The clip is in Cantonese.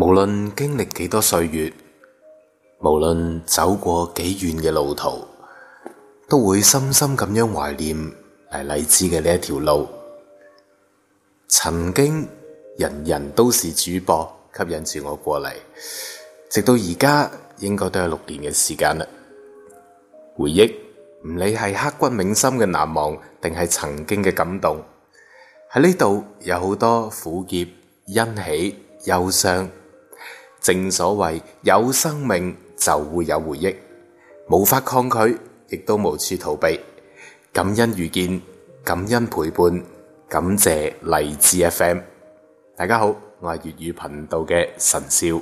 無論經歷幾多歲月，無論走過幾遠嘅路途，都會深深咁樣懷念嚟荔枝嘅呢一條路。曾經人人都是主播，吸引住我過嚟，直到而家應該都有六年嘅時間啦。回憶唔理係刻骨銘心嘅難忘，定係曾經嘅感動，喺呢度有好多苦澀、欣喜、憂傷。正所謂有生命就會有回憶，無法抗拒，亦都無處逃避。感恩遇見，感恩陪伴，感謝荔枝 FM。大家好，我係粵語頻道嘅神少。